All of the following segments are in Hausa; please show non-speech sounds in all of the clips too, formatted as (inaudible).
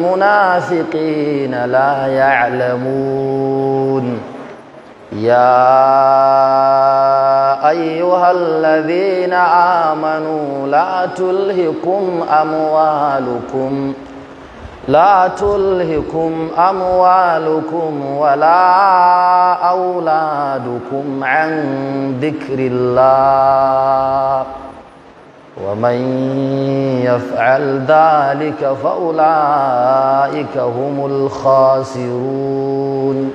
المنافقين لا يعلمون يا أيها الذين آمنوا لا تلهكم أموالكم لا تلهكم أموالكم ولا أولادكم عن ذكر الله ومن يفعل ذلك فأولئك هم الخاسرون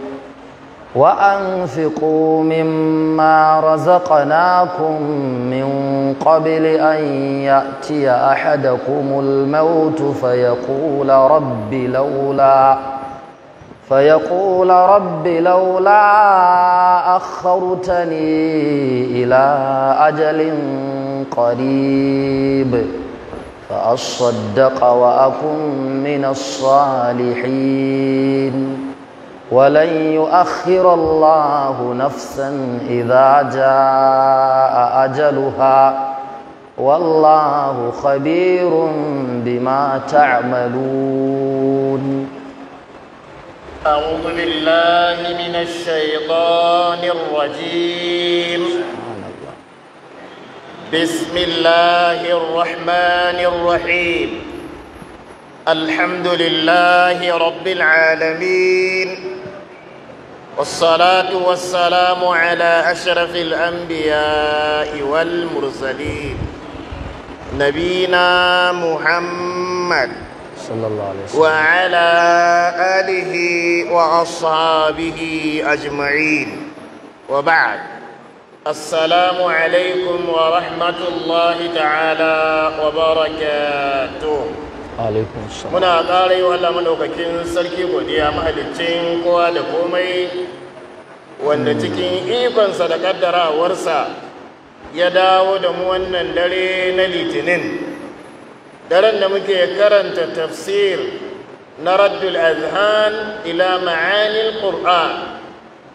وأنفقوا مما رزقناكم من قبل أن يأتي أحدكم الموت فيقول رب لولا فيقول رب لولا أخرتني إلى أجل قريب فأصدق وأكن من الصالحين ولن يؤخر الله نفسا إذا جاء أجلها والله خبير بما تعملون أعوذ بالله من الشيطان الرجيم بسم الله الرحمن الرحيم الحمد لله رب العالمين والصلاة والسلام على أشرف الأنبياء والمرسلين نبينا محمد صلى الله عليه وسلم وعلى آله وأصحابه أجمعين وبعد السلام عليكم ورحمة الله تعالى وبركاته alaikum muna ƙara yi wa Allah madaukakin sarki godiya mahalicin kowa da komai wanda cikin ikonsa da ƙaddarawarsa ya dawo da mu wannan dare na litinin daren da muke karanta tafsir na raddul azhan ila ma'anil qur'an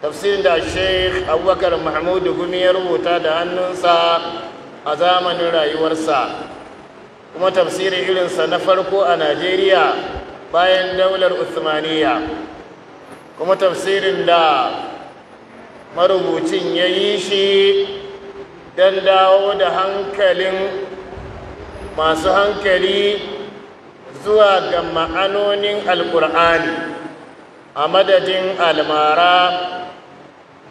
tafsirin da sheikh abubakar mahmud gumi ya rubuta da hannunsa a zamanin rayuwarsa kuma tafsirin irinsa na farko a najeriya bayan daular usmaniya kuma tafsirin da marubucin ya yi shi don dawo da hankalin masu hankali zuwa ga ma'anonin alkur'ani a madadin almara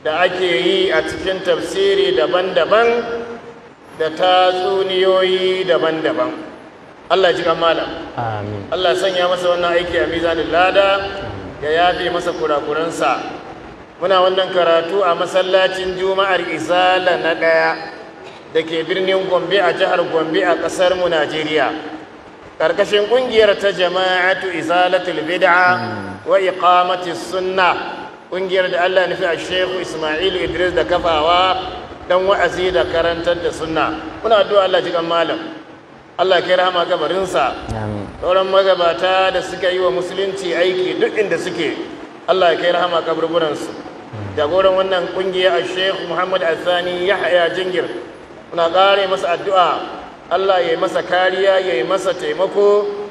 da ake yi a cikin tafsiri daban-daban da tatsuniyoyi daban-daban Allah ji kamala Allah sanya masa wannan aiki a mizanin lada ya yafe masa kurakuransa muna wannan karatu a masallacin juma'ar izala na ɗaya da ke birnin gombe a jihar gombe a ƙasarmu najeriya ƙarƙashin ƙungiyar ta jama'atu izalatul bid'a wa iqamati sunna ƙungiyar da Allah nufi a Shehu Ismail Idris da kafawa dan wa'azi da karantar da suna. muna addu'a Allah cikin malam Allah kai rahama kabarinsa sauran magabata da suka yi wa musulunci aiki duk inda suke Allah kai rahama kaburburansu jagoran wannan kungiya a shehu Muhammad Athani yahaya Jingir muna kare masa addu'a Allah ya yi masa kariya ya yi masa taimako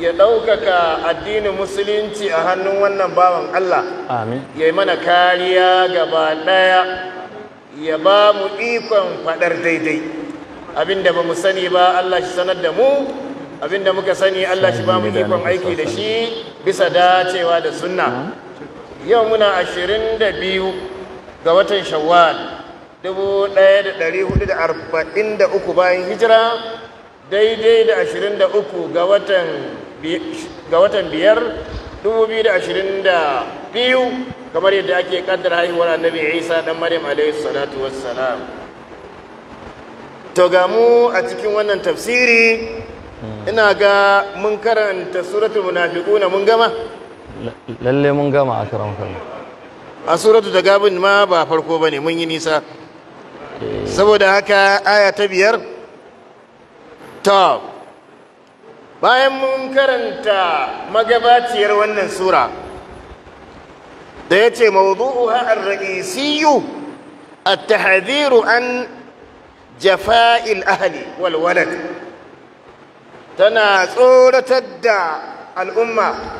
ya ɗaukaka addinin musulunci a hannun wannan bawan Allah ya yi mana kariya gaba ɗaya ya ba mu ikon faɗar daidai abinda ba mu sani ba Allah shi sanar da mu abinda muka sani Allah shi ba mu ikon aiki da shi bisa dacewa da sunna yau muna ashirin da biyu ga watan shawwal 1443 bayan hijira daidai da ashirin da uku ga watan ga watan biyar 2022 kamar yadda ake kaddara haihuwar annabi isa dan maryam alaihi salatu wassalam to ga mu a cikin wannan tafsiri ina ga mun karanta suratul munafiquna mun gama lalle mun gama a karan a suratul tagabun ma ba farko bane mun yi nisa eh. saboda haka aya ta biyar ta bayan mun karanta magabaciyar wannan sura da ya ce mawudu'uha ar-ra'isiyu a tahdhiru an jafa'il ahli wal tana tsoratar da al'umma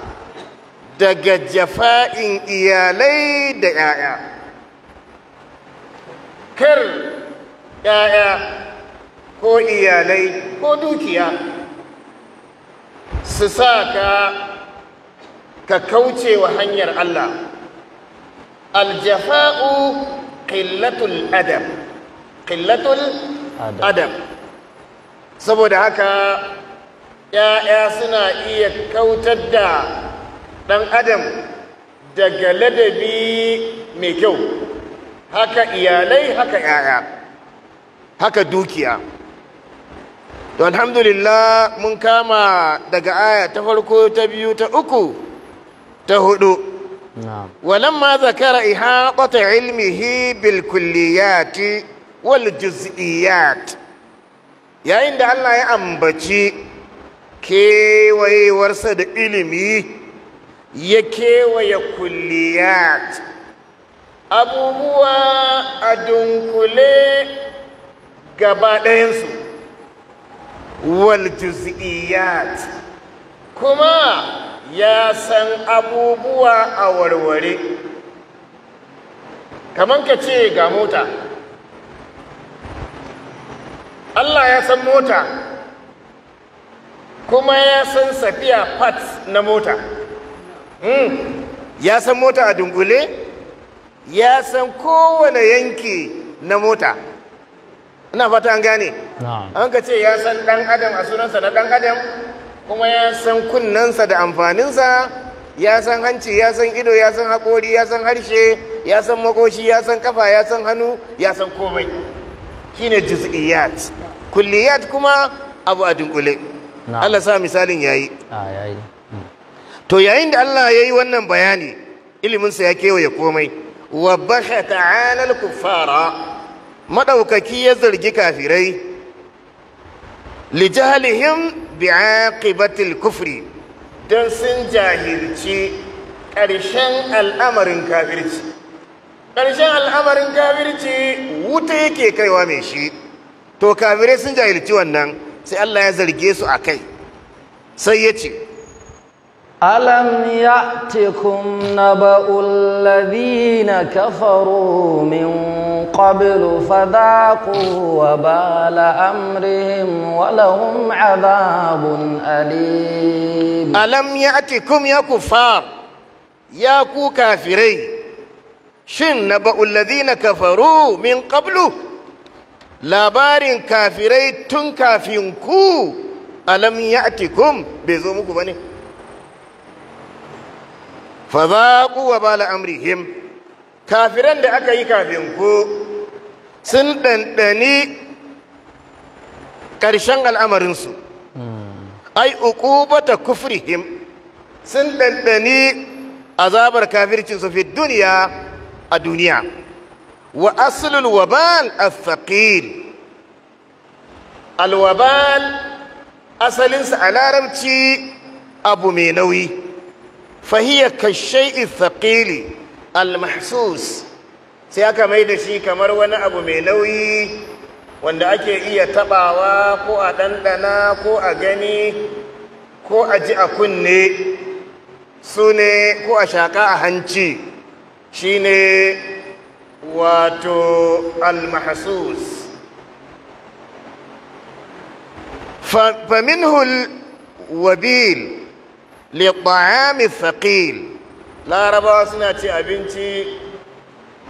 daga jafa'in iyalai da 'ya'ya kar 'ya'ya ko iyalai ko dukiya su sa ka ka kauce wa hanyar Allah aljafa'u qillatul adab qillatul adab saboda haka ‘ya'ya suna iya kautar da ɗan adam daga ladabi mai kyau haka iyalai haka ‘ya'ya haka dukiya to alhamdulillah mun kama daga aya ta farko ta biyu ta uku ta hudu walamma zakara ihaqata ilmihi bil kulliyati wal juz'iyat yayin da Allah ya ambaci kewayewarsa da ilimi ya kewaye kulliyat abubuwa a dunkule gaba ɗayansu wal juz'iyat kuma ya san abubuwa a warware kamar ka ce ga mota Allah ya san mota kuma ya san safiya parts na mota hmm. ya san mota a dungule ya san kowane yanki na mota ina fata an gane an ka ce ya san dan adam a sunansa na dan adam kuma ya san kunnansa da amfaninsa ya san hanci ya san ido ya san haƙori ya san harshe ya san makoshi ya san kafa ya san hannu ya san komai Shi ne jiziyat kulliyat kuma abu a dunkule Allah sa misalin ya yi. to yayin da Allah ya yi wannan bayani iliminsa ya kewaye komai wa basha ta'ala al-kuffara maɗaukaki ya zargi kafirai lijahalihim bi'aqibatil kufri Dan sun jahilci ƙarshen al'amarin kafirci ƙarshen al'amarin kafirci wuta yake kaiwa mai shi to kafirai sun jahilci wannan sai Allah ya zarge su a kai sai ya ce ألم يأتكم نبأ الذين كفروا من قبل فذاقوا وبال أمرهم ولهم عذاب أليم ألم يأتكم يا كفار يا كو كافري شن نبأ الذين كفروا من قبل لا بار كافري تنكافينكو ألم يأتكم ya'tikum بني fa wa bala amrihim kafiran da aka yi kafin ku sun ɗanɗani ƙarshen al'amarinsu ai uqubata kufrihim sun ɗanɗani azabar kafircinsu fi duniya a duniya wa asalin wabal al-thaqil al-wabal asalinsa a larabci abu mai nauyi فهي kashai thaqili almahsus sai aka mai da shi kamar wani abu mai nauyi wanda ake iya tabawa ko a ɗanɗana ko a gani ko a ji a kunne su ko a shaƙa a hanci shi ne wato almahsus faminhul wabil liɓa'ami faƙil larabawa suna ce abinci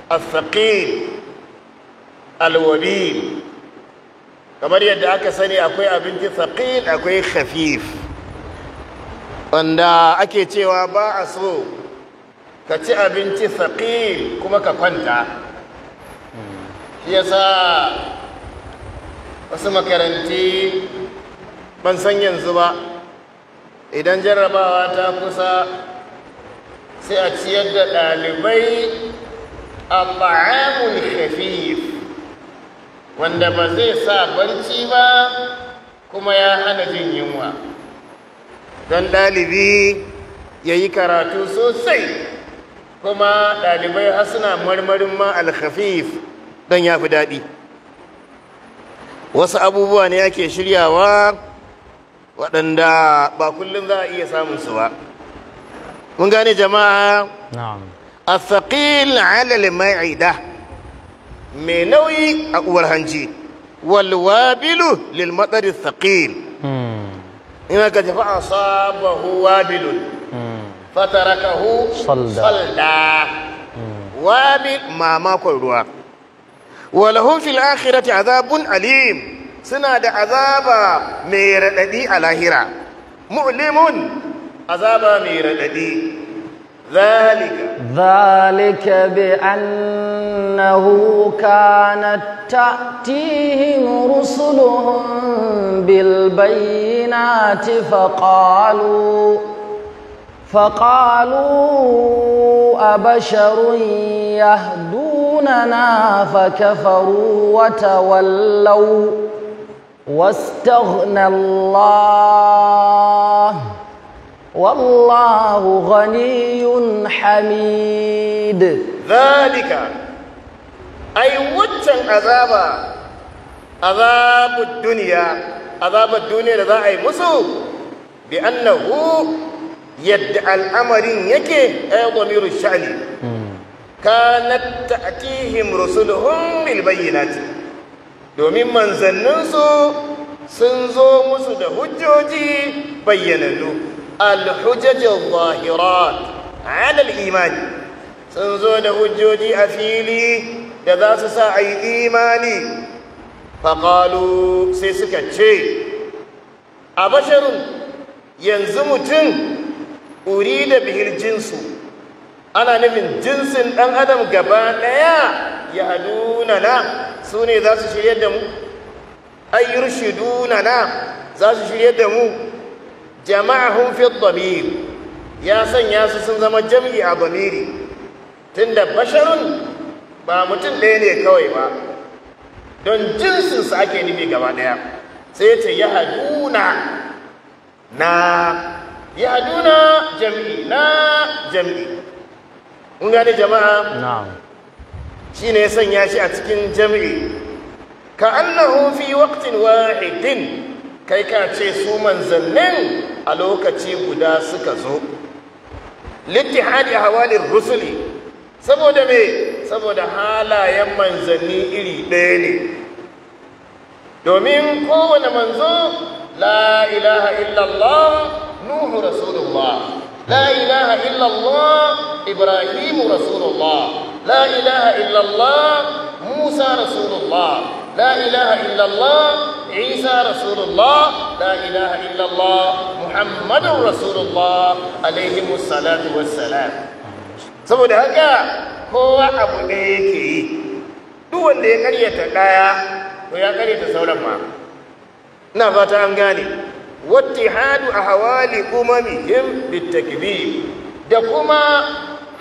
a faƙil alwabil kamar yadda aka sani akwai abinci faƙil akwai khafif wanda ake cewa ba a so ka ci abinci faƙil kuma ka kwanta shi yasa wasu makaranti ban san yanzu ba idan jarrabawa ta kusa sai a ciyar da ɗalibai a ba'amun khafif wanda ba zai sa barci ba kuma ya hana jin yunwa don ɗalibi ya yi karatu sosai kuma ɗalibai har marmarin ma alhafif don ya fi daɗi wasu abubuwa ne ake shiryawa waɗanda ba kullum za a iya samun su ba mun gane jama'a a saƙil alal ma'ida mai nauyi a uwar hanji walwabilu lil matsari saƙil hmm. ina ka jafa a sabahu wabilun hmm. fatarakahu salda hmm. wabil mamakon ruwa walahun fil akhirati azabun alim suna da azaba mai radadi a lahira mu'limun azaba mai radadi zalika zalika bi annahu kanat ta'tihim rusuluhum bil bayyinati faqalu فقالوا أبشر يهدوننا فكفروا وتولوا واستغنى الله والله غني حميد ذلك أي وجن عذاب عذاب الدنيا عذاب الدنيا لذا أي مسو بأنه يدعى الأمر يكي أي ضمير الشأن كانت تأتيهم رسلهم بالبينات domin manzanninsu sun zo musu da hujjoji bayyanannu al zahirat ala al-iman sun zo da hujjoji a fili da za su sa a yi imani faƙalu sai suka ce a basharin yanzu mutum uri da bihir jinsu ana nufin jinsin ɗan adam gaba ɗaya ya aduna na su ne za su shirya da mu ayyar shiduna na za su shirya da mu jama'ahun fi ya sanya su sun zama jam'i a tun tunda basharun ba mutum ɗaya ne kawai ba don jinsinsu ake nufi gaba ɗaya sai ce ya haduna na ya haduna jam'i na jam'i mun gane jama'a shi ne sanya shi a cikin jami'i ka annahu fi waqtin wahidin kai ka ce su manzannin a lokaci guda suka zo littihadi hawalin rusuli saboda me saboda halayen manzanni iri ɗaya ne domin kowane manzo la ilaha illallah nuhu rasulullah لا إله إلا الله إبراهيم رسول الله لا إله إلا الله موسى رسول الله لا إله إلا الله عيسى رسول الله لا إله إلا الله محمد رسول الله عليهم الصلاة والسلام saboda haka kowa abu ɗaya yake yi duk wanda ya karyata ɗaya to ya karyata sauran ma ina fata an gane wattihadu ahwali umamihim bitakdhib da kuma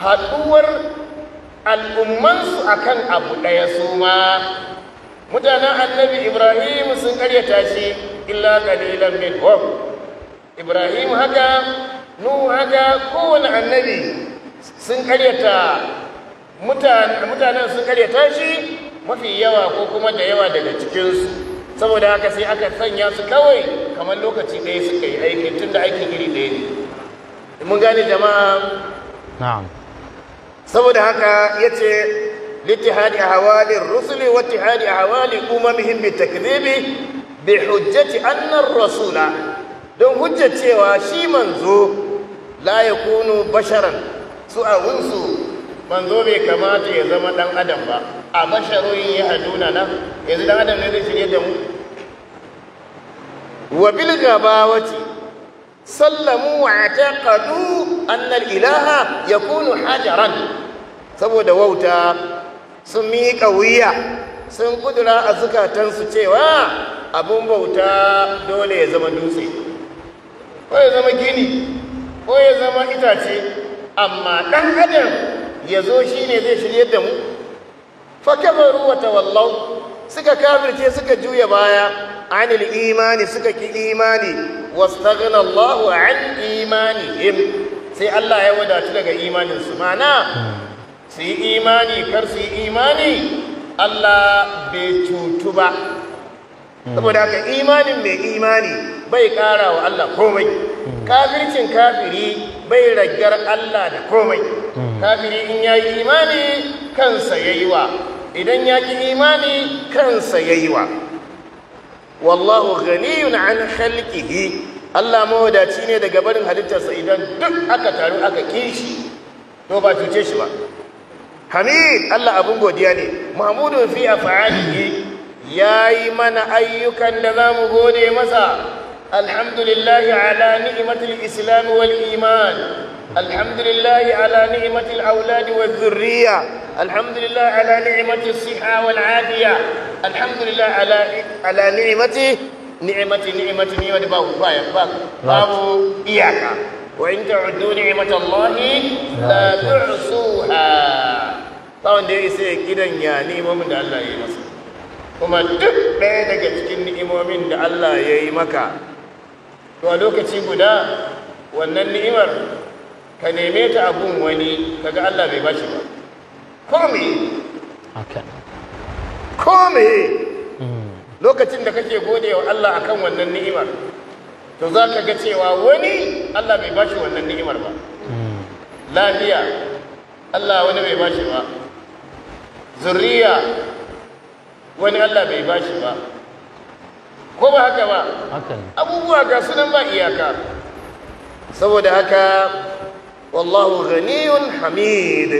haduwar al'ummansu akan abu daya su ma mutanen annabi ibrahim sun karyata shi illa qalilan Mekong. ibrahim haka nuhu haka kowane annabi sun karyata mutanen sun karyata shi mafi yawa ko kuma da yawa daga cikinsu saboda haka sai aka sanya su kawai kamar lokaci ɗaya suka yi aikin tun da aikin iri ɗaya ne mun gane jama'a na'am saboda haka yace ce littihadi a hawalin rusuli wa tihadi a umamihim bi takzibi bi hujjati annar rasula don hujjar cewa shi manzo la yakunu basharan su a wunsu manzo bai kamata ya zama dan adam ba a basharun ya haduna na yanzu dan adam ne zai shirye da mu wa bil gabawati sallamu wa taqadu anna al ilaha yakunu hajaran saboda wauta sun miƙa wuya sun kudura a zukatansu cewa abun bauta dole ya zama dutse ko ya zama gini ko ya zama itace amma ɗan adam ya zo shi zai shirye da mu fa kafaru wa tawallau suka kafirce suka juya baya عن الإيمان سكك إيماني واستغنى الله عن إيمانهم سي الله يودا تلك إيمان سمعنا سي إيماني كرسي bai cutu ba. saboda haka imanin mai imani bai kara wa Allah komai kafircin kafiri bai ragar Allah da komai kafiri in ya yi imani kansa ya yi wa idan ya ki imani kansa ya yi wa wallahu ghaniyun an khalqihi Allah mawadaci ne daga barin halittarsa idan duk aka taru aka kishi to ba cuce shi ba hamid Allah abun godiya ne mahmudun fi af'alihi yayi mana ayyukan da zamu gode masa الحمد لله على نعمة الإسلام والإيمان الحمد لله على نعمة الأولاد والذرية الحمد لله على نعمة الصحة والعافية الحمد لله على على نعمة نعمة نعمة نعمة باب باب باب إياك وإن تعدوا نعمة الله لا تعصوها طبعا ده يسير كده يعني مؤمن الله يمسك kuma duk ɗaya daga cikin ni'imomin da Allah ya yi maka to a lokaci guda wannan ni'imar ka neme ta abun wani kaga Allah bai bashi ba kome kome lokacin da kake gode wa Allah akan wannan ni'imar to za ka ga cewa wani Allah bai bashi wannan ni'imar ba lafiya Allah wani bai bashi ba zuriya wani Allah bai bashi ba ko ba haka ba abubuwa ga sunan ba iyaka saboda haka wallahu ghaniyun hamid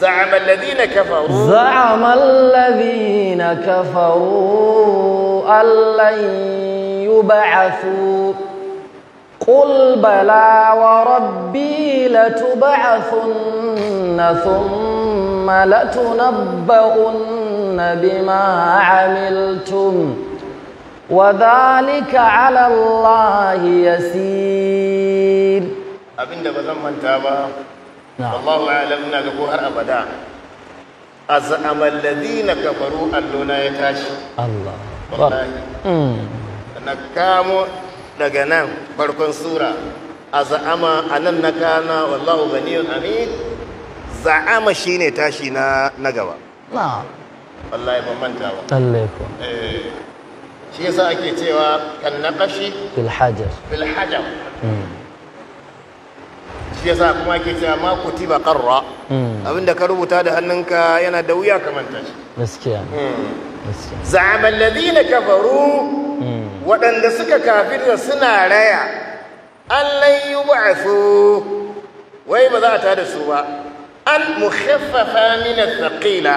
زعم الذين كفروا زعم الذين كفروا أن لن يبعثوا قل بلى وربي لتبعثن ثم لتنبؤن بما عملتم وذلك على الله يسير abinda bazan manta ba ya alam na ga ko har abada azam ladina kafaru allona ya tashi Allah na kamo daga nan farkon sura azama anan nakana wallahu ganiyun amin za'ama shine tashi na na gaba na wallahi ban manta ba shi yasa ake cewa kan naqashi bil hajar bil hajar hmm. shi yasa kuma ake cewa ma kutiba qarra hmm. abinda ka rubuta da hannunka yana da wuya ka manta shi gaskiya hmm. za'ama alladhina kafaru waɗanda suka kafirta suna raya allan yub'athu wai ba za a tada su ba al mukhaffafa min athqila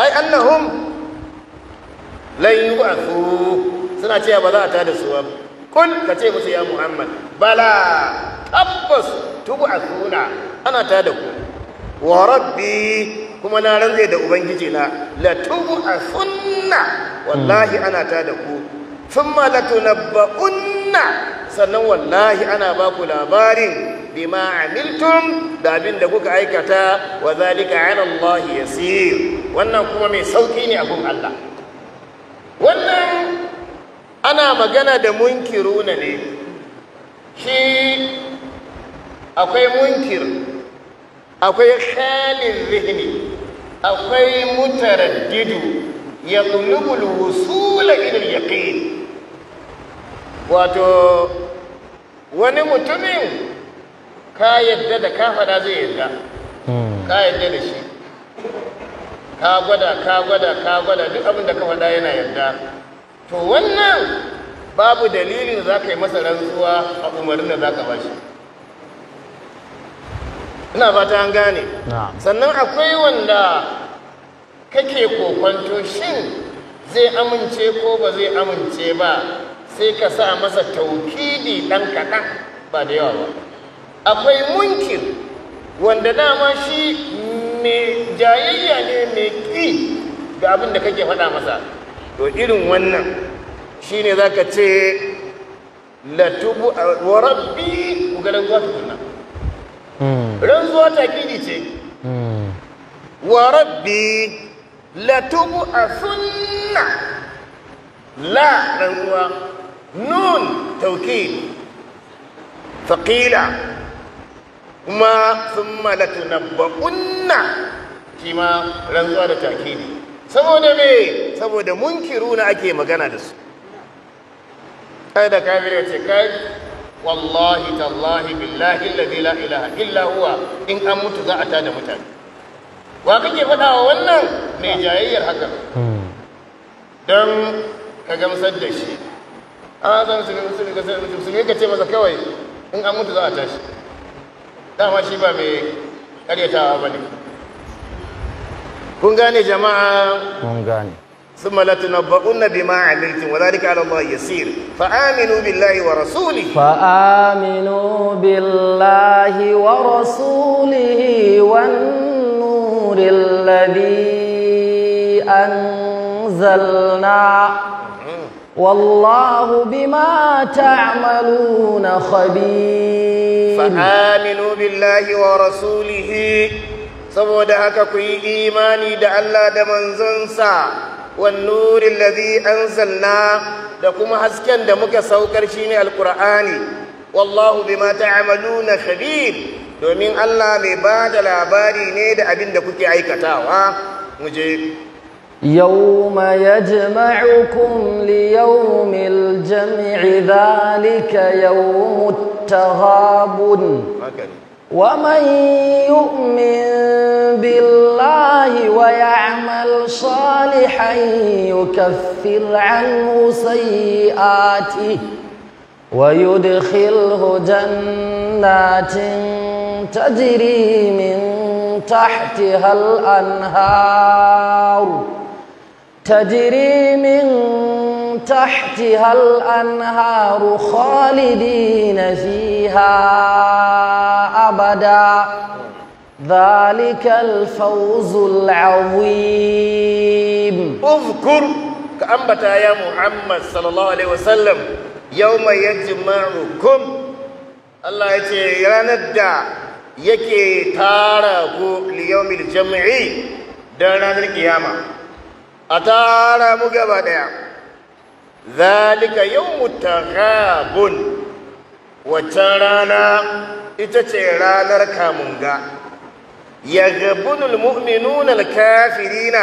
ay annahum lan yub'athu suna cewa ba za a tada su ba ka ce musu ya muhammad bala tabbas tub'athuna ana tada ku wa rabbi kuma na ranze da ubangiji na la tub'athunna wallahi ana tada ku thumma latunabba'unna sannan wallahi ana ba ku labarin bima amiltum da abin da kuka aikata wa zalika ala Allah yasir wannan kuma mai sauki ne a abun Allah wannan ana magana da munkiru na ne shi akwai munkir akwai khalin zihni akwai mutaraddidu ya tulubul wusula ilal yaqin wato wani mutumin ka yadda da ka fada zai yadda hmm. ka yadda da shi ka gwada ka gwada ka gwada duk abin da ka faɗa yana yarda to wannan babu dalilin za ka yi masa rantsuwa a umarnin da za ka bashi ina fata an gane sannan akwai wanda kake kokonto shin zai amince ko ba zai amince ba sai ka sa masa taukidi ɗan kaɗan ba da yawa ba akwai munkin, wanda dama shi mai jayayya ne mai ƙi ga abin da kake faɗa masa to irin wannan shine za ka ce latubu wa rabbi ku ga ranzuwa ta kunna ranzuwa ta kiri ce hmm. wa rabbi latubu a sunna la ranzuwa nun tauki faƙila kuma sun malata na baƙunna ki ma rantsuwa da take ne saboda me saboda munkiru na ake magana da su kai da kafir ya ce kai wallahi tallahi billahi alladhi la ilaha illa huwa in an mutu za a tada mutane wa kake faɗa wa wannan mai jayayyar haka don ka gamsar da shi a zan su ne ka ce masa kawai in an mutu za a tashi dama shi ba mai karyatawa ba ne kun gane jama'a kun gane ثم بما عملتم وذلك على الله يسير فآمنوا بالله ورسوله فآمنوا بالله ورسوله والنور الذي أنزلنا والله بما تعملون خبير فآمنوا بالله ورسوله saboda haka ku yi imani da Allah da manzonsa wan nurin ladhi anzalna da kuma hasken da muka saukar shi ne alqur'ani wallahu bima ta'maluna khabir domin Allah mai ba da labari ne da abin da kuke aikatawa muje يوم يجمعكم ليوم الجمع ذلك يوم التغاب ومن يؤمن بالله ويعمل صالحا يكفر عنه سيئاته ويدخله جنات تجري من تحتها الأنهار تجري من تحتها الأنهار خالدين فيها أبدا ذلك الفوز العظيم اذكر كأنبت يا آية محمد صلى الله عليه وسلم يوم يجمعكم الله يتيرندى يكي تاركو ليوم الجمعي دانا القيامه a tara mu gaba daya zalika yawmu taghabun wata rana ita ce ranar kamunga ya gabunul mu'minuna alkafirina kafirina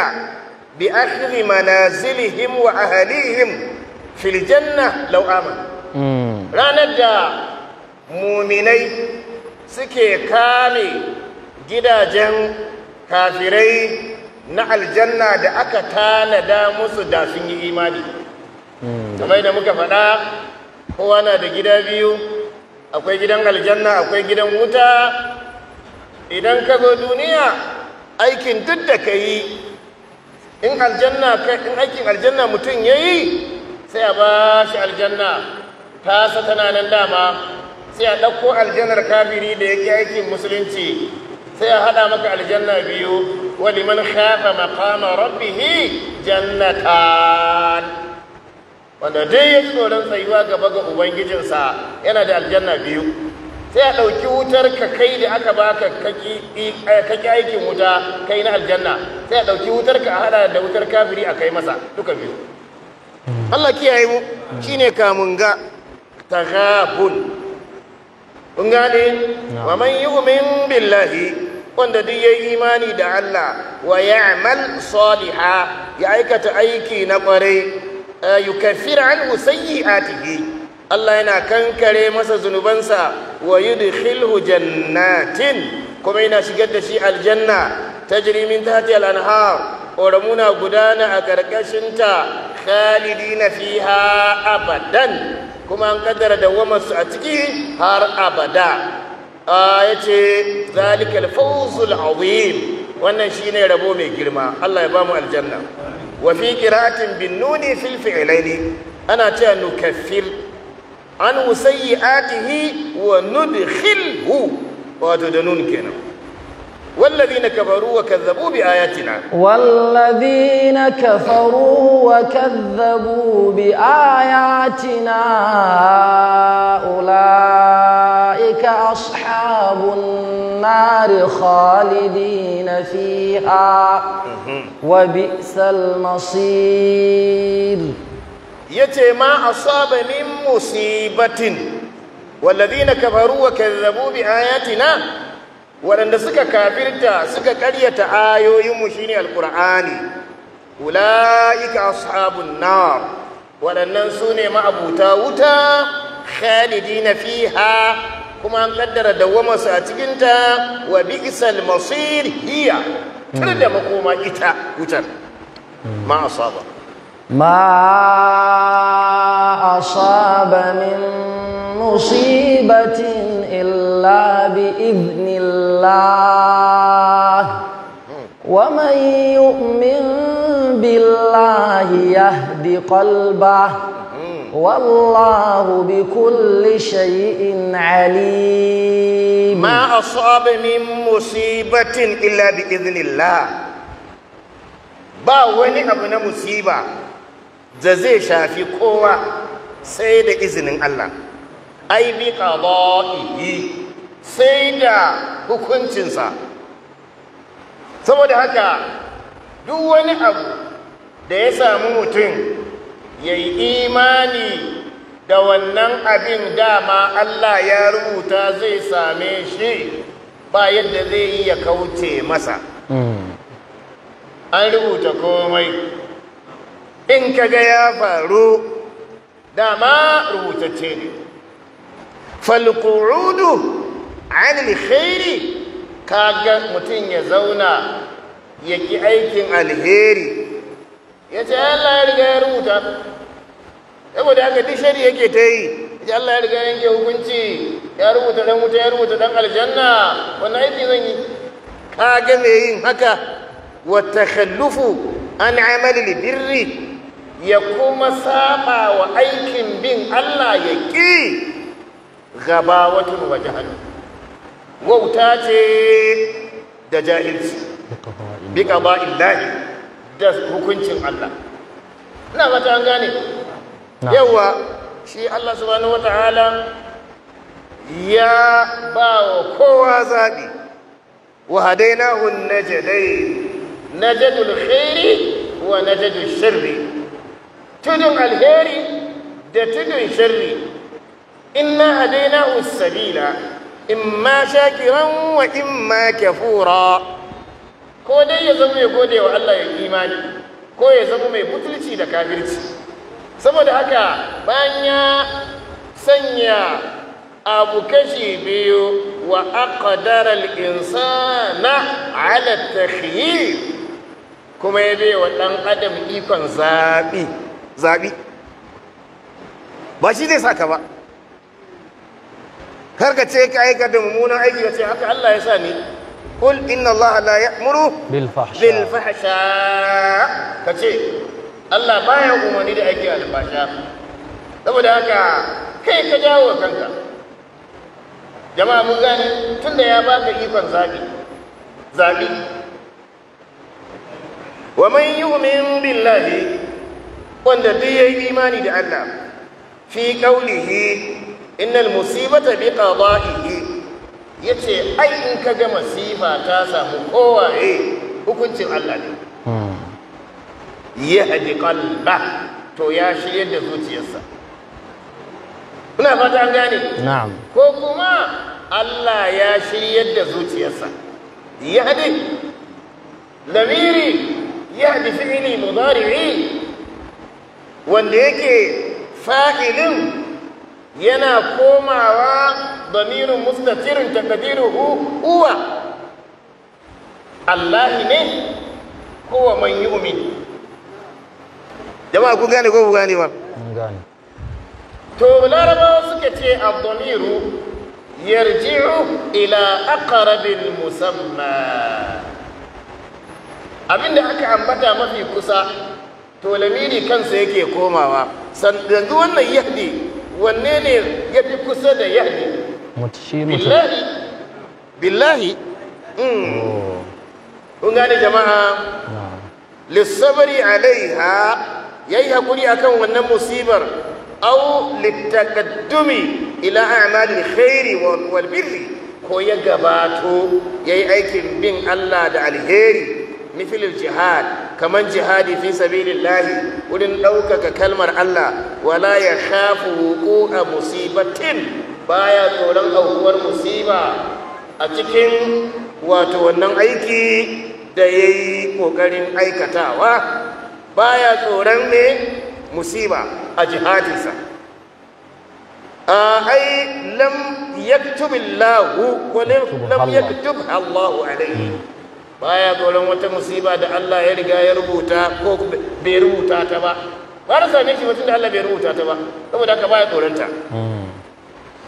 bi akhdhi manazilihim wa ahlihim fil janna law hmm. ranar da muminai suke kame gidajen kafirai na aljanna da aka tanada musu da sun yi imani kamar da muka faɗa kowa na da gida biyu akwai gidan aljanna akwai gidan wuta idan ka zo duniya aikin duk da ka yi in aikin aljanna mutum ya yi sai a ba shi aljanna Ta tasa tana nan dama sai a ɗauko aljannar kafiri da yake aikin musulunci sai ya hada maka aljanna biyu waliman khafa maqama rabbih jannatan wanda dai ya tsoron tsayuwa gaba ga ubangijinsa yana da aljanna biyu sai a ɗauki wutar ka kai da aka baka kaki eh, aikin wuta kai na aljanna sai a ɗauki wutar ka hada da wutar kafiri a kai masa duka biyu hmm. Allah kiyaye mu shine ga tagabun kun gane wa man yu'min billahi wanda duk ya yi imani da Allah wa ya'mal saliha ya aikata aiki na kware yukaffir anhu sayyi'atihi Allah yana kankare masa zunubansa wa yudkhilhu jannatin kuma yana shigar da shi aljanna tajri min tahti al-anhar ƙoramuna gudana a ƙarƙashinta khalidina fiha abadan kuma an kaddara su a ciki har abada ya ce zalikal fawzul azim wannan shine rabo mai girma Allah ya bamu aljanna wa fi qira'atin bin nuni fil fi'laini ana cewa nukaffir an sayyi'atihi wa nudkhilhu wato da nun kenan والذين كفروا وكذبوا بآياتنا والذين كفروا وكذبوا بآياتنا أولئك أصحاب النار خالدين فيها وبئس المصير يتي ما أصاب من مصيبة والذين كفروا وكذبوا بآياتنا waɗanda suka kafirta suka ƙaryata ayoyinmu shine alƙur'ani ula'ika ashabun nar waɗannan su ne ma'abuta wuta khalidina fiha kuma an kaddara dawwamarsu a cikinta wa bi'sal masir hiya tun da makoma ita wutar ma asaba ma asaba min مصيبة إلا بإذن الله ومن يؤمن بالله يهد قلبه والله بكل شيء عليم ما أصاب من مصيبة إلا بإذن الله ba wani abu na musiba da zai shafi إذن الله ai bi qada'ihi sai da hukuncinsa saboda haka duk wani abu da ya samu mutum ya yi imani da wannan abin dama Allah ya rubuta zai same shi ba yadda zai yi ya kauce masa an rubuta komai in kaga ya faru dama rubutacce ne falƙu'udu an khairi kaga mutum ya zauna ya ki aikin alheri ya ce Allah ya riga ya rubuta saboda aka duk shari yake ta yi ya ce Allah ya riga ya yanke hukunci ya rubuta dan wuta ya rubuta dan aljanna Wani aiki zan yi kaga mai yin haka wa takhallufu an amali birri ya kuma saba wa aikin bin Allah ya ki gabawatun wa jahalu wauta ce da jahilci bi qada'illahi da hukuncin Allah ina fata an gane yawa shi Allah subhanahu wataala ya ba wa kowa zaɓi wa hadainahu najdai najadul khairi wa najadul sharri tudun alheri da tudun sharri inna hadaina sabila imma shakiran wa imma kafura ko dai ya zama mai gode wa Allah ya imani ko ya zama mai butulci da kafirci saboda haka bayan ya sanya abu kashi biyu wa aqdara al-insana ala takhyir kuma ya bai wa dan adam ikon zabi zabi ba shi zai saka ba kar ka ce ka da mummunan aiki ka ce haka Allah ya sa ni kul inna Allah la ya'muru bil fahsha ka ce Allah baya umarni da aiki alfasha saboda haka kai ka jawo kanka jama'a mun gane tunda ya baka ikon zabi zabi wa man yu'min billahi wanda duk yayi imani da Allah fi qawlihi إن المصيبة بقضائه يتي أي إنك مصيبة تاسه هو إيه هكو انت الله لي آه. يهدي قلبه تو ياشي يد زوت يسا هنا فاتح جاني نعم كوكما الله ياشي يد زوت يسا يهدي لميري يهدي فعلي مضارعي وانديكي فاعلم yana komawa damirin mustatirin takadiru uwa Allah ne kowa man yi umin jama'a ku gane ko ku gane ba gane to larabawa suka ce abdomiru yarji'u ila aqrabil musamma abinda aka ambata mafi kusa to lamiri kansa yake komawa san yanzu wannan yahdi wanne ne ya fi kusa da yahdi billahi billahi hmm. kun gane jama'a lissabari alaiha ya yi haƙuri akan wannan musibar au littakaddumi ila amalin khairi wal birri ko ya gabato ya yi aikin bin Allah da alheri mithilil jihad kaman jihadi fi sabilillahi wurin ɗaukaka kalmar Allah wala ya khafu wuqu'a musibatin baya tsoron aukuwar musiba a cikin wato wannan aiki da yayi kokarin aikatawa baya tsoron ne musiba a jihadinsa ai lam yaktubillahu wa lam yaktub Allahu alaihi baya tsoron wata musiba da Allah ya riga ya rubuta ko bai rubuta ta ba ba da same shi mutum da Allah bai rubuta ta ba saboda ka baya tsoron ta hmm.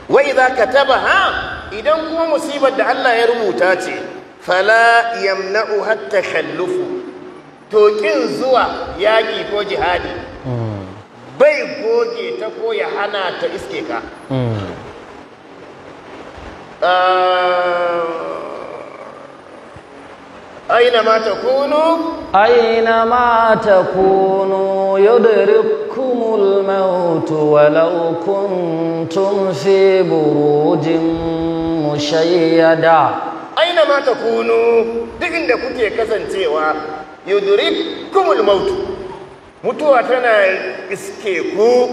wa idza kataba ha idan kuma musibar da Allah ya rubuta ce fala yamna'u hatta khallufu to kin zuwa yaki ko jihadi hmm. bai goge ta ko ya hana ta iske ka hmm. ah. aina ma ta kunu aina ma kunu yudrikumul maut walau kuntum fi burujin mushayyada aina ma kunu duk inda kuke kasancewa yudrikumul maut mutuwa tana iske ku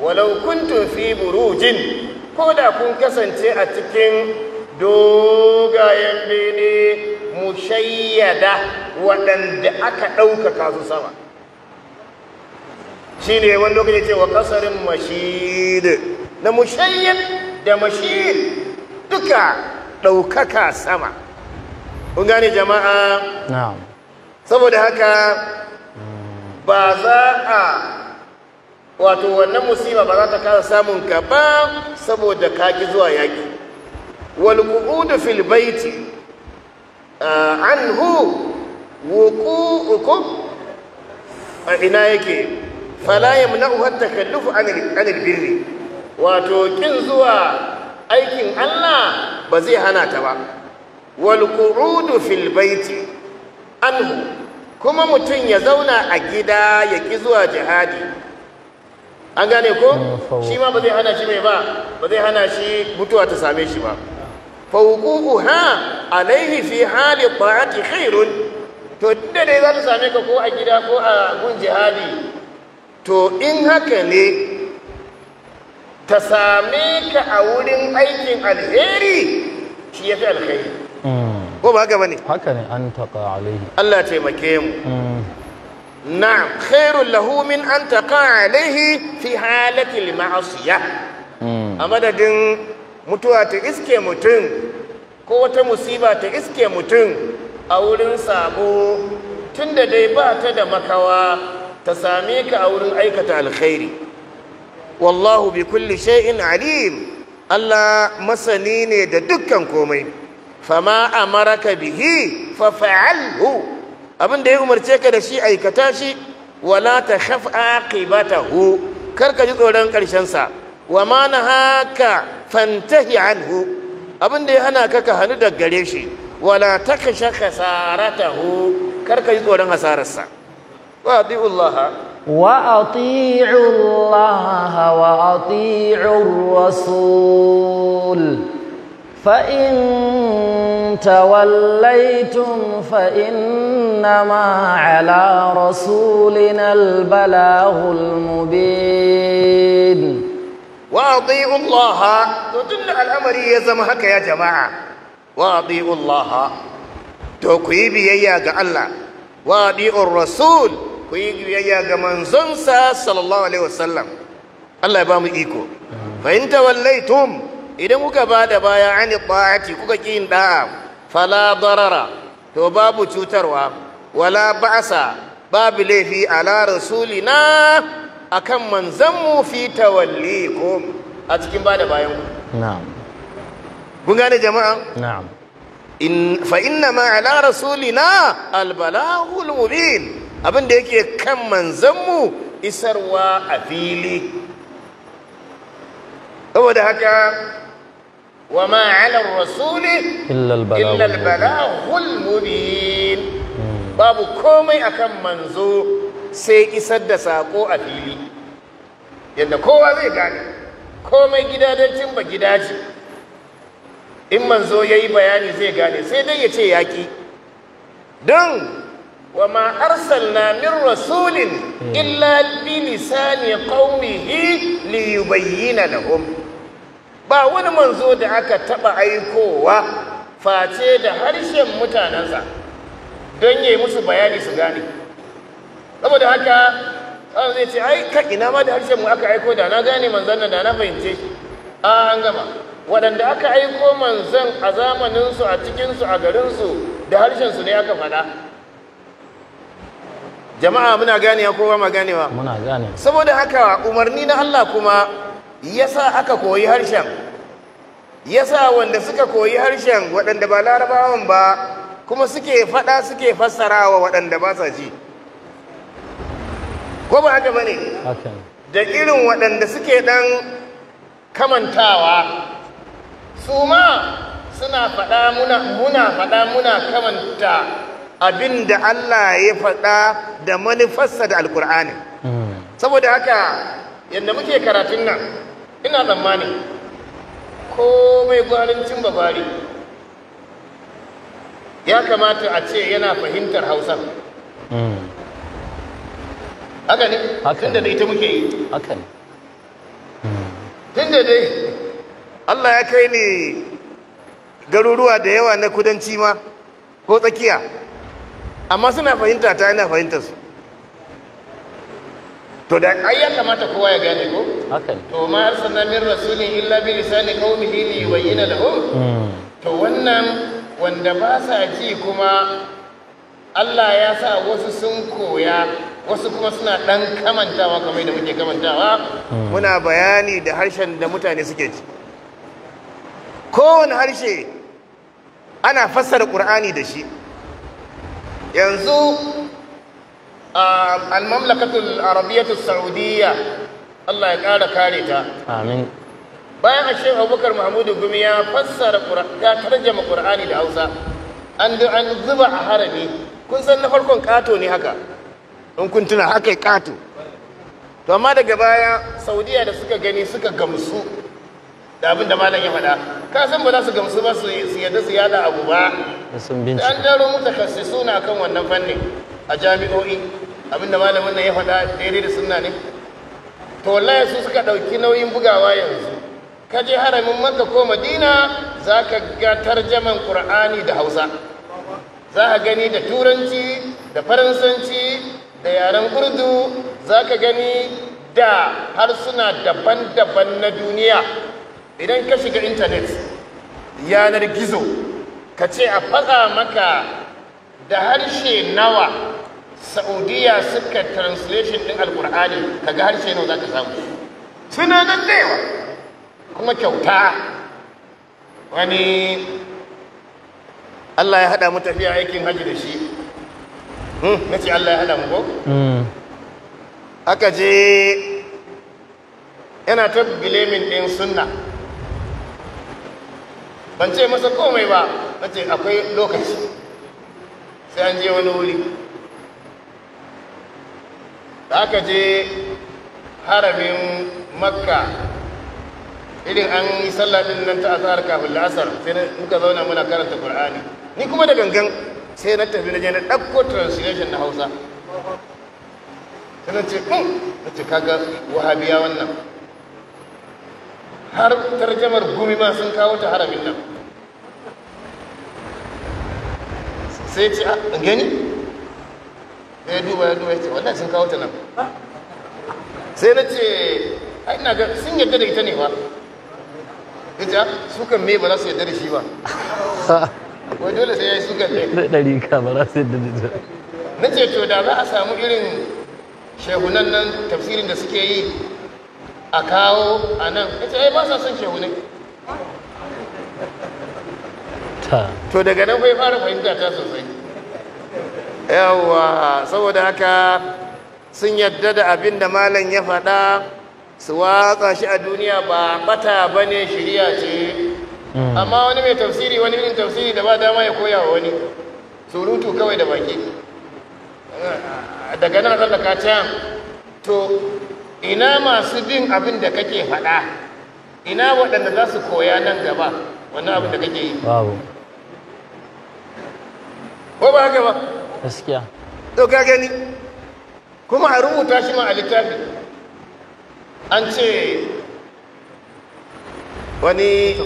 walau kuntum fi burujin koda kun kasance a cikin dogayen bene. mushayyada waɗanda aka ɗaukaka su sama shi ne wani lokaci ce wa ƙasarin mashid da mushayyar da mashid duka ɗaukaka sama kun gane jama'a saboda haka ba za a wato wannan musima ba za ta kara samun ka ba saboda kaki zuwa yaki walƙudu filbaiti anhu wuku'ukum a ina yake falayam na at kallufu an birri wato kin zuwa aikin Allah ba zai hana ta ba wal qu'udu fil baiti anhu kuma mutum ya zauna a gida ya ki zuwa jihadi an gane ko shi ma ba zai hana shi mai ba ba zai hana shi mutuwa ta same shi ba فوقوقها عليه في حال الطاعة خير to da dai za ta same ka ko a gida ko a gun jihadi to in haka ne ta same ka a wurin aikin alheri shi ya fi alheri mm. ko ba haka ba ne haka ne an taƙa alaihi Allah taimake mu mm. na'am khairul lahu min an taƙa alaihi fi halatil ma'asiya mm. a madadin mutuwa ta iske mutum ko wata musiba ta iske mutum a wurin sabo tunda dai ba ta da makawa ta same ka a wurin aikata alkhairi wallahu bi kulli shay'in alim Allah masani ne da dukkan komai fama amaraka bihi fa fa'alhu abin da ya umarce ka da shi aikata shi wala ta khaf aqibatahu kar ka ji tsoron karshen sa وما نهاك فانتهي عنه أبن دي هنا كك هندا قريشي ولا تخش خسارته كرك يزور خسارة سا وأطيع الله وأطيع الله وأطيع الرسول فإن توليتم فإنما على رسولنا البلاغ المبين wa ati'u Allah to tun da al'amari ya zama haka ya jama'a wa ati'u Allah to ku yi biyayya ga Allah wa ati'u Rasul ku yi biyayya ga manzonsa sallallahu alaihi wasallam Allah ya mu iko fa in tawallaitum idan kuka ba da baya ani ta'ati kuka ki yin da'a fala darara to babu cutarwa wala ba'sa babu laifi ala rasulina akan manzanmu fi tawallikum a cikin bada bayan ku na'am kun gane jama'a na'am in fa inna ma ala rasulina albalahul mubin abin da yake kan manzanmu isarwa a fili saboda haka wa ma'alar rasuli illal balahul mubin hmm. babu komai akan manzo sai isar da saƙo a fili yadda kowa zai gane komai cin ba gida ce in manzo ya yi bayani zai gane sai dai ya ce yaƙi don wa ma na min rasulin illa ne lisani qaumihi li na lahum ba wani manzo da aka taɓa aikowa face da harshen mutanensa don yi musu bayani su gane saboda haka Allah zai ce ai ka ina ma da harshen mu aka aiko da na gane manzon nan da na fahimce a an gama waɗanda aka aiko manzon a zamaninsu a cikinsu a garinsu da harshensu ne aka faɗa jama'a muna ganewa ko ba ma ganewa muna gane saboda haka umarni na Allah kuma yasa aka koyi harshen yasa wanda suka koyi harshen waɗanda ba larabawan ba kuma suke faɗa suke fassara wa waɗanda ba sa ji ko ba haka bane da irin waɗanda suke ɗan kamantawa su ma suna faɗa muna faɗa muna kamanta abin da Allah ya faɗa da manufarsa da alkur'ani hmm. saboda haka yadda muke karatun nan ina tsammani ko mai gwarancin babari ya kamata a ce yana fahimtar hausa hmm. haka ne tunda da ita muke yi haka ne tunda dai Allah ya kai ni garuruwa da yawa na kudanci ma ko tsakiya amma suna fahimta ta yana fahimta su to da ai ya kamata kowa ya gane ko haka ne to ma arsalna min rasulin illa bi lisani qaumihi li yubayyana lahum hmm. to wannan wanda ba sa ji kuma Allah ya sa wasu sun koya wasu kuma suna ɗan kamantawa kamar da muke kamantawa muna bayani da harshen da mutane suke ci kowane harshe ana fassara ƙur'ani da shi yanzu al-mamlakatul arabiyatul saudiyya Allah ya ƙara kare ta amin bayan a shehu abubakar mahmudu gumi ya fassara ta tarjama ƙur'ani da hausa an zuba a harami kun san na farkon kato ne haka in kun tuna haka ya kato to amma daga baya saudiya da suka gani suka gamsu da abin da malam ya faɗa ka san ba za su gamsu ba su yadda su yada abu ba sun binci an jaro mutakassisu na kan wannan fannin a jami'o'i abin da malamin nan ya faɗa daidai da sunna ne to wallahi su suka ɗauki nauyin bugawa yanzu ka je haramin makka ko madina za ka ga tarjaman ƙur'ani da hausa za a gani da turanci da faransanci da yaren urdu za ka gani da harsuna daban-daban na duniya idan ka shiga intanet yanar gizo ka ce a faɗa maka da harshe nawa saudiya suka translation ɗin alkur'ani ga harshe nawa za ka samu suna nan da kuma kyauta wani Allah ya hada mu tafiya aikin haji da shi hmm, na ce Allah ya hada mu ko hmm. aka je yana ta bilemin ɗin sunna ban ce masa komai ba na ce akwai lokaci sai an je wani wuri da aka je haramin makka irin an yi sallah din nan ta azhar kafin la'asar sai muka zauna muna karanta qur'ani ni kuma da gangan sai na tafi na je na ɗauko translation na hausa sai na ce ɗin hmm. na ce kaga wahabiya wannan har tarjamar gumi ma sun kawo ta haramin nan sai ce a ah, gani ya duba ya duba ya ce wannan sun kawo ta nan sai na ce a ina ga sun yadda da ita ne ba ita ah, su kan me ba za su yadda da shi ba (laughs) wai dole sai ya yi sugar da ɗari ka ba za su na ce to da za a samu irin shehunan nan tafsirin da suke yi a kawo a nan ya ce ai ba sa son shehunai to daga nan bai fara fahimta ta sosai yawwa saboda haka sun yadda da abin da malam ya faɗa su watsa shi a duniya ba bata bane shirya ce Mm. amma wani mai tafsiri wani irin tafsiri da ba dama ya koya wa wani surutu kawai da baki daga nan ka can to ina masu bin abin da kake faɗa ina waɗanda za su koya nan gaba wannan abin da kake yi babu ko ba haka ba gaskiya to ka gani kuma a rubuta shi ma a littafi an ce wani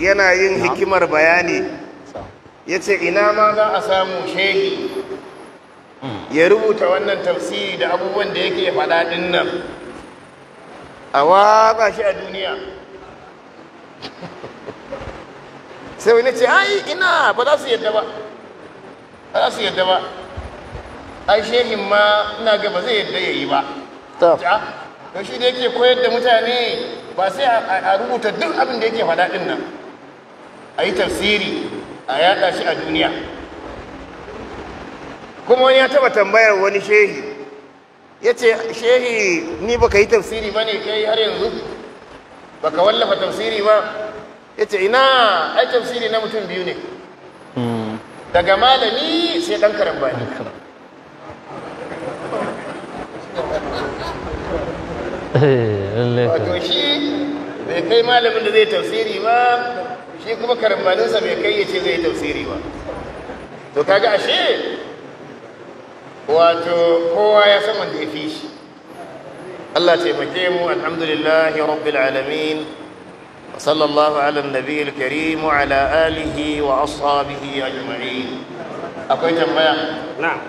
yana yin hikimar bayani ya ce ina ma za a samu shehi ya rubuta wannan tafsiri da abubuwan da yake faɗaɗin nan a watsa shi a duniya sai wani ce ai ina ba za su yadda ba ba za su yadda ba ai shehin ma ina ga ba zai yadda ya yi ba ta shi da yake koyar da mutane ba sai a rubuta duk abin da yake faɗaɗin nan a yi tafsiri a yada shi a duniya kuma wani ya taba tambayar wani shehi ya ce shehi ni baka yi tafsiri ba ne kai har yanzu baka wallafa tafsiri ba ya ce ina ai tafsiri na mutum biyu ne hmm. daga malami sai dan karambani (laughs) eh, wato shi bai kai malamin da zai tafsiri ba shi kuma karambaninsa mai kai ya ce zai tafsiri ba to kaga ashe wato kowa ya san wanda ya fi shi Allah taimake mu alhamdulillahi rabbil alamin وصلى الله على wa الكريم وعلى آله وأصحابه أجمعين akwai تنبيه نعم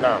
نعم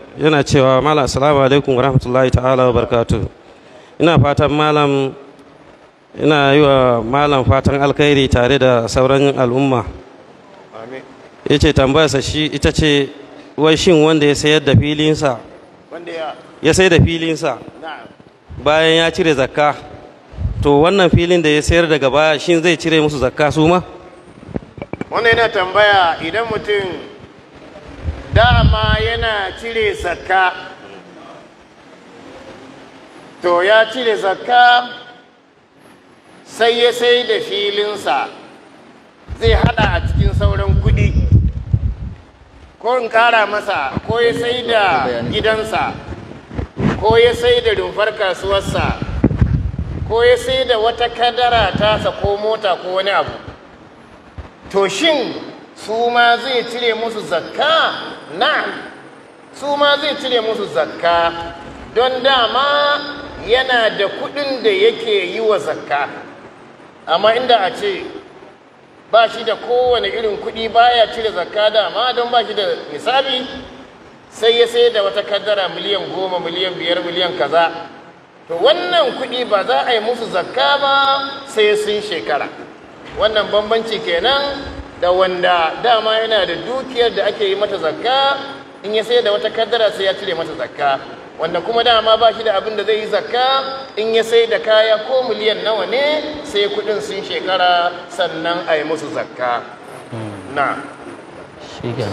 yana cewa mala assalamu alaikum wa rahmatullahi ta'ala wa barkatu ina fatan malam ina yi wa malam fatan alkhairi tare da sauran al'umma ya ce tambayarsa shi ita ce wai shin wanda ya sayar da filinsa ya sayar da filinsa bayan ya cire zakka to wannan filin da ya sayar daga baya shin zai cire musu zakka su ma wannan yana tambaya idan mutum dama yana cire zakka to ya cire zakka sai ya sai da filinsa zai hada a cikin sauran kudi ko in kara masa ko ya sai da gidansa ko ya sai da rumfar kasuwarsa ko ya sai da wata kadara tasa ko mota ko wani abu to shin su ma zai cire musu zakka na'am su ma zai cire musu zakka don dama yana da kudin da yake yi wa zakka amma inda a ce ba shi da kowane irin kudi baya cire zakka dama don ba shi da misali sai ya sai da wata kaddara miliyan goma miliyan biyar miliyan kaza to wannan kudi ba za a yi musu zakka ba sai sun shekara wannan bambanci kenan da wanda dama yana da dukiyar da ake yi mata zakka in ya sayar da wata kaddara sai ya cire mata zakka wanda kuma dama ba shi da abin da zai yi zakka in ya sayar da kaya ko miliyan nawa ne sai kudin sun shekara sannan a yi musu zakka hmm. na shiga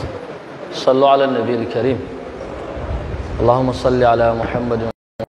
sallu ala nabi karim